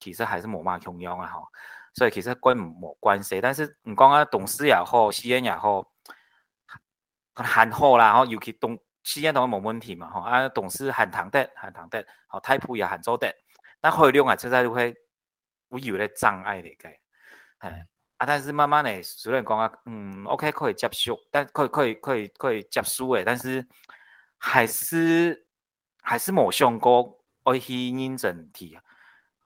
其實還是冇嘛重要啊吼，所以其實關冇關係。但是你講啊，四縣也好，海陸也好，還好啦。然後尤其東海陸都沒問題嘛吼啊，四縣很懂得，很懂得，好太度也很做的。但後兩種實在會會有啲障礙嚟嘅，哎啊。但是慢慢嘞，雖然講啊，嗯，OK 可以接受，但可以可以可以可以接受誒。但是還是還是冇想過愛去認真睇。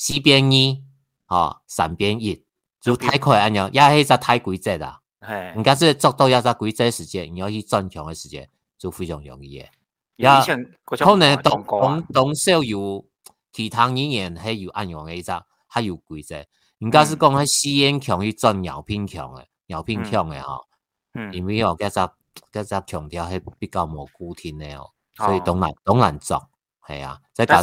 四邊一吓三邊一，就太快按鈕也係一個太規則啦。係，人家做到也係規則時間，你要去轉牆的時間就非常容易以也可能東東少有其他語言還有按鈕的一扎，還有規則。人家是講喺吸煙強，去轉牛片強嘅，牛片強嘅吓。嗯。因為哦，嗰隻嗰隻強調係比較冇固定哦，所以東難東難做。係啊，再係大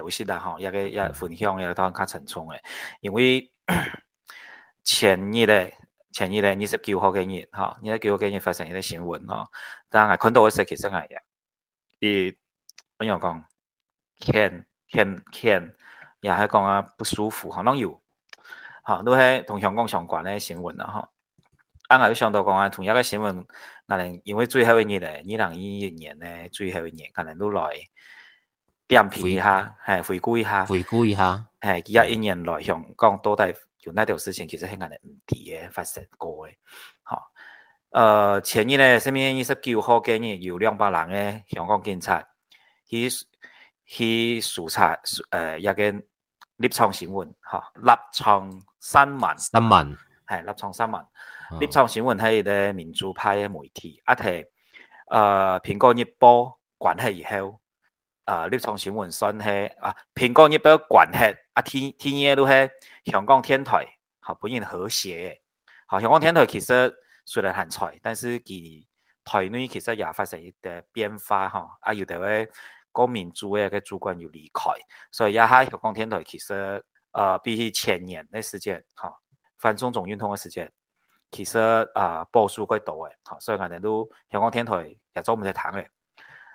熟悉啦，嗬，一個一分享，一個當卡沉重嘅，因為前二日，前二日二十九號嘅日，哈、哦，二十九號嘅日發生一個新聞咯、哦，但係看到嘅其實真係，咦，唔好講，健健健，又係講啊不舒服，可能要，嚇、哦，都係同香港相關嘅新聞啊哈，啊，啱要想到講啊，同一個新聞，能、哦、因為最後嘅日咧，二零二一年呢，人人人最後嘅年，可能都來。回顧一下，係回顧一下，係佢一一年來香港多啲有呢條事情，其實喺人哋唔止嘅發生過嘅。哈，誒前日咧，十二月二十九號今日有兩百人嘅香港警察去去訴裁，誒一個立場新聞，嚇立場新聞，新聞係立場新聞，立場新聞係啲民主派嘅媒體，一係誒蘋果日報關起以後。呃、啊！立場新聞先去啊，蘋果日報關去啊，天天嘢都去香港電台，吓、啊、本應和諧，吓、啊、香港電台其實雖然很菜，但是其台內其實也發生一啲變化，吓啊又啲位高明主嘅個主管又離開，所以而家香港電台其實，誒、啊、比起前年嘅時節，吓反送中運動嘅時節，其實啊波數居多嘅，吓、啊、所以我哋都香港電台又做唔晒談嘅。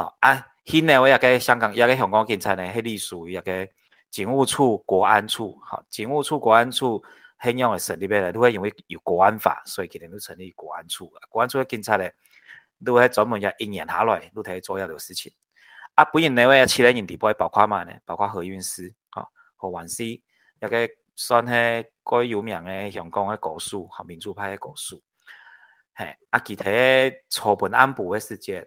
好啊！現在話一個香港一個香港警察呢，他隸屬於一個警務處、國安處。哈、啊，警務處、國安處怎樣個設立？別咧，因為因為有國安法，所以決定都成立國安處。啊、國安處嘅警察咧，都會專門一一年下來，都開始做一哋事情。啊，本來咧話七零年代包括嘛呢，包括何韻詩、哈何韻詩，一、啊、個算係改有名嘅香港嘅歌手，哈民主派嘅歌手。嘿，啊具體觸碰安部嘅事件。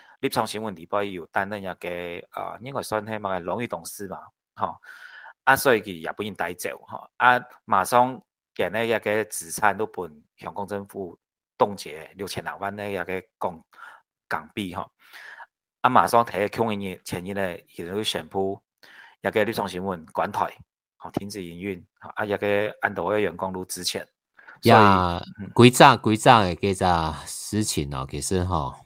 立場新聞禮拜一有擔任一個啊、呃，因為算體嘛係榮譽董事嘛，嚇，啊所以佢也不用帶走，嚇、啊，啊馬上見呢一個資產都畀香港政府凍結六千零萬呢一個港港幣嚇，啊馬上睇下錢，日前日咧，佢宣布一個《立場新聞》關台，嚇停止營運嚇，啊一個按度嘅員工都辭職，呀，幾早幾早嘅呢個事情咯，其實，嚇。嗯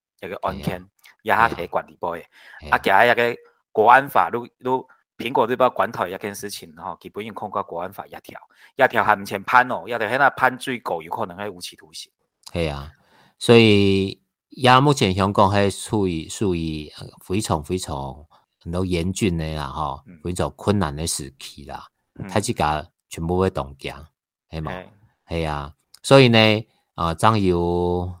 一個案件、哎，一下係管理部嘅，啊！今日一個國安法如如蘋果都要關台一件事情，嗬，佢本身控告國安法一條，一條還唔曾判哦，一條喺那判最高有可能喺無期徒刑。係、哎、啊，所以也、哎、目前香港係處於處於非常非常很多嚴峻嘅啦，嗬，非常困難嘅時期啦，嗯嗯、太之家全部會動蕩，係、哎、冇？係、哎、啊，所以呢，啊、呃，張要。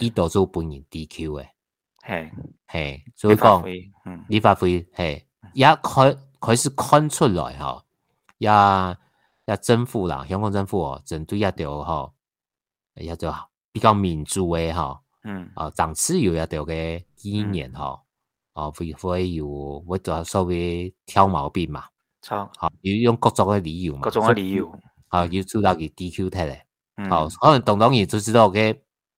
伊度做半年 DQ 誒。係係所以講，立法會係也佢佢是看出來嗬，也也政府啦，香港政府哦，真對一條嗬，也就比較民主嘅嗬，嗯，啊，上次又一條嘅意見嗬，哦，會會要我做下稍微挑毛病嘛，錯，要用各種嘅理由嘛，各種嘅理由，啊，要做到佢 DQ 可能等等亦知道嘅。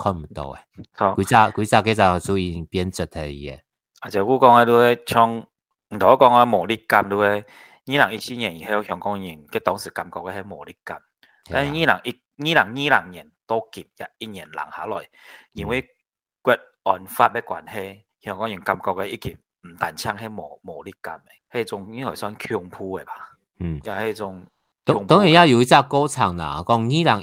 看唔到嘅，嗰隻嗰隻叫做注意變質嘅嘢。就我講嘅都係像，如果講阿無力感都係，二零一四年以後香港人嘅當時感覺嘅係無力感，但係二零一二零二零年都減咗一年，減下來，因為國安法嘅關係，香港人感覺嘅已經唔單止係無無力感，係一種應該算強迫嘅吧，嗯，係一種。當然要有一隻過程啦，講呢兩。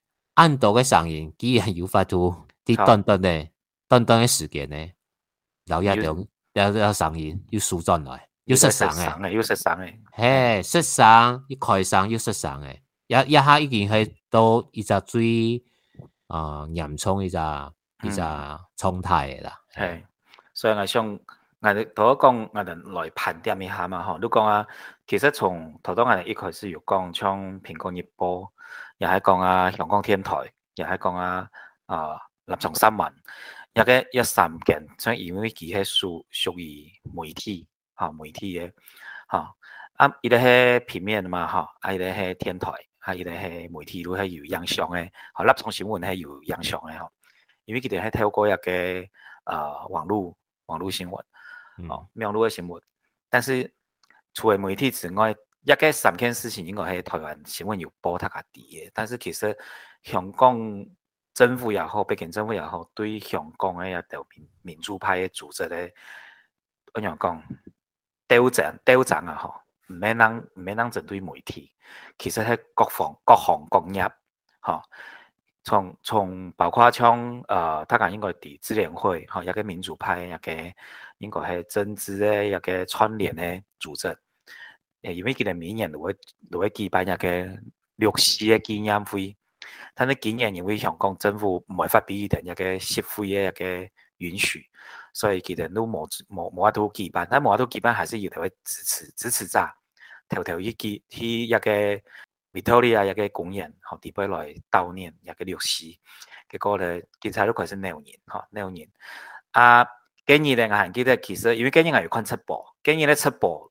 很多嘅上映，居然又發出啲短短嘅、短短嘅時間嘅，然後又又上映，又縮轉來，又失常嘅，又失常嘅，係失常，又開上又失常嘅，一一下已經係到一隻最啊嚴重一隻一隻狀態嘅啦。係，所以我想我頭先講我哋來盤點一下嘛，嗬，如果啊，其實從頭到我哋一開始入江昌蘋果一波。也係講啊，香港天台，也係講啊，啊、呃，立場新聞，一個一三件，所以而家幾係屬屬於媒體，嚇、哦、媒體嘅，嚇、哦。啊，一啲係平面嘛，嚇、哦，一啲係天台，一啲係媒體都係有影響嘅，嚇、哦，立場新聞係有影響嘅，嚇、哦嗯。因為佢哋係透過一個啊，網絡網絡新聞，哦，網路嘅新聞，但是，除咗媒體之外。一個三件事情，應該喺台灣新聞有報他家啲嘅，但是其實香港政府也好，北京政府也好，對香港嘅一條民民主派嘅組織咧，按樣講，鬥爭鬥爭也吼，唔免諗唔免諗針對媒體，其實喺各方各行各業，吼，從、哦、從包括像呃，他家應該啲支聯會，吼、哦，一個民主派，一個應該係政治嘅一個串聯嘅組織。誒，因為佢哋每年都會都會舉辦一個六四嘅紀念會，但係紀念又會香港政府唔係發俾佢哋嘅協會嘅允許，所以佢哋都冇冇冇法度舉辦，但係冇法度舉辦，還是要嚟支持支持咋？條條依啲去一個 Victoria 一個公園學弟輩來悼念一個六四。結果咧警察都係成嬲年，嚇嬲年。啊，今年咧，我還記得其實因為今年係要看直播，今年咧直播。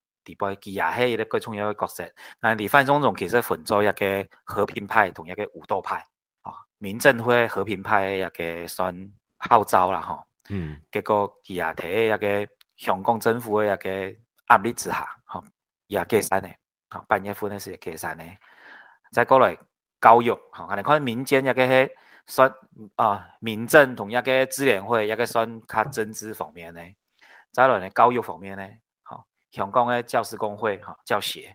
地盤，佢也係一個重要嘅角色。但係地盤松，中，其實分做一個和平派同一個武鬥派。啊，民政會和平派一個算號召啦，吼。嗯。結果佢也喺一個香港政府嘅一個壓力之下，吼，也解散咧。啊，八月五日是解散咧。再過來教育，吼，可能看民間一個係算啊、呃，民政同一個支聯會一個算較政治方面咧。再落來咧，教育方面咧。香港的教師工會哈，教協，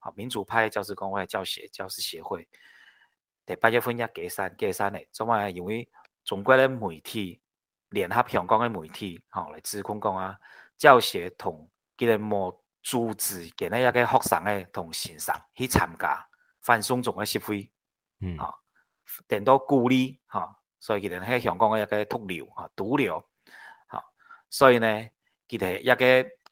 好民主派的教師工會教協教師協會，第八月份一解散解散嘞，主要係因為中國的媒體聯合香港的媒體哈來指控講啊，教協同佢哋某組織建立一個學生個同學生去參加反送中的示威，嗯哈，顛倒鼓勵哈，所以佢哋個香港的一個毒瘤哈毒瘤哈，所以呢，佢哋一個。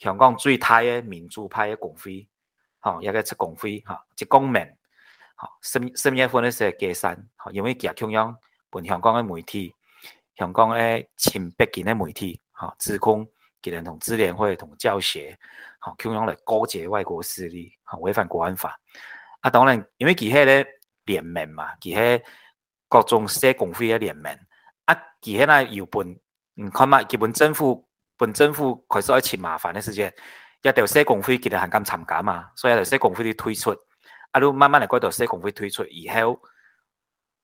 香港最大的民主派嘅工會，嚇一個職工會，嚇職工盟，嚇什什乜嘢份呢？的解散，嚇，因為佢哋同樣本香港嘅媒體，香港的親北京嘅媒體嚇，指控佢哋同支聯會同教協嚇，同樣來勾結外國勢力，嚇，違反國安法。啊，當然，因為佢喺呢聯盟嘛，佢喺各種社工會嘅聯盟，啊，佢喺那又本，唔，看嘛，佢本政府。本政府開始一啲麻煩嘅時間，一條社工費佢哋係咁尋加嘛，所以一條社工費啲推出，啊，你慢慢嚟嗰條社工費推出，以後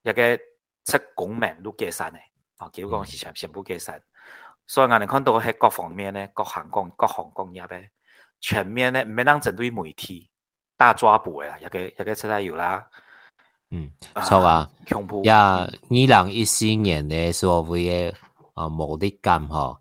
一個七公名都解散嘅，啊，幾個公司全全部解散、嗯，所以我哋看到係各方面咧，各行各各行各業咧，全面咧唔係單針對媒體大抓捕嘅，一個一個出嚟要啦，嗯、啊錯，恐怖，呀，二零一四年的所謂的啊無力感嗬。吼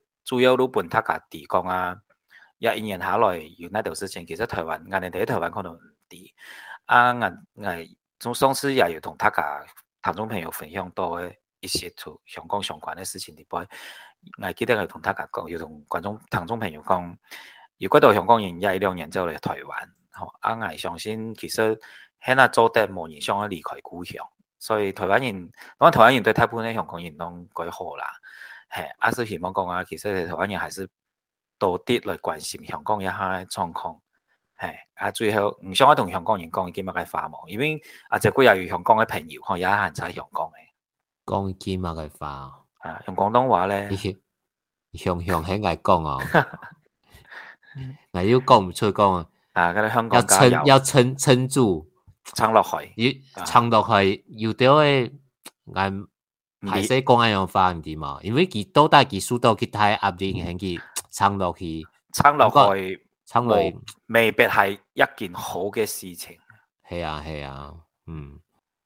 主要都本他家提供啊，一一年下來要那條事情，其實台灣，我哋一台灣嗰度地啊，我我從上次也要同他家聽眾朋友分享到嘅一些同香港相關嘅事情。你記，我記得係同他家講，要同觀眾聽眾朋友講，有幾多香港人一兩年就來台灣，啊，我相信其實喺那做得冇人想去離開故鄉，所以台灣人我台灣人對台灣嘅香港人認同改好啦。係，阿叔前晚講啊，其實台灣人還是多啲嚟關心香港一下狀況。係，阿、啊、最後唔想我同香港人講語堅乜嘅話喎，因為阿隻姑又住香港嘅朋友，可有一行就係香港嘅、啊。講語堅乜嘅話啊？用廣東話咧，向向喺外講哦，啊要講唔出講啊，啊嗰啲香港加油！要撐要撐撐住撐落去，撐、啊、落去要啲誒。唔係寫講一樣方案啲嘛？因為佢多帶佢書到去睇，壓住佢，撐落去，撐落去，撐落去，去未必係一件好嘅事情。係啊，係啊，嗯。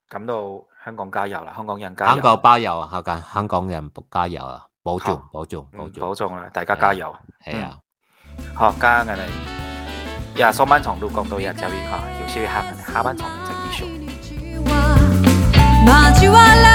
感到香港加油啦！香港人加油！香港加油啊！香港香港人加油啊！保重，保重，保重啊！大家加油！係啊，啊、嗯。好，家，恩你。廿上半場都講到入嚟嚇，有少少下班，下半場真係熱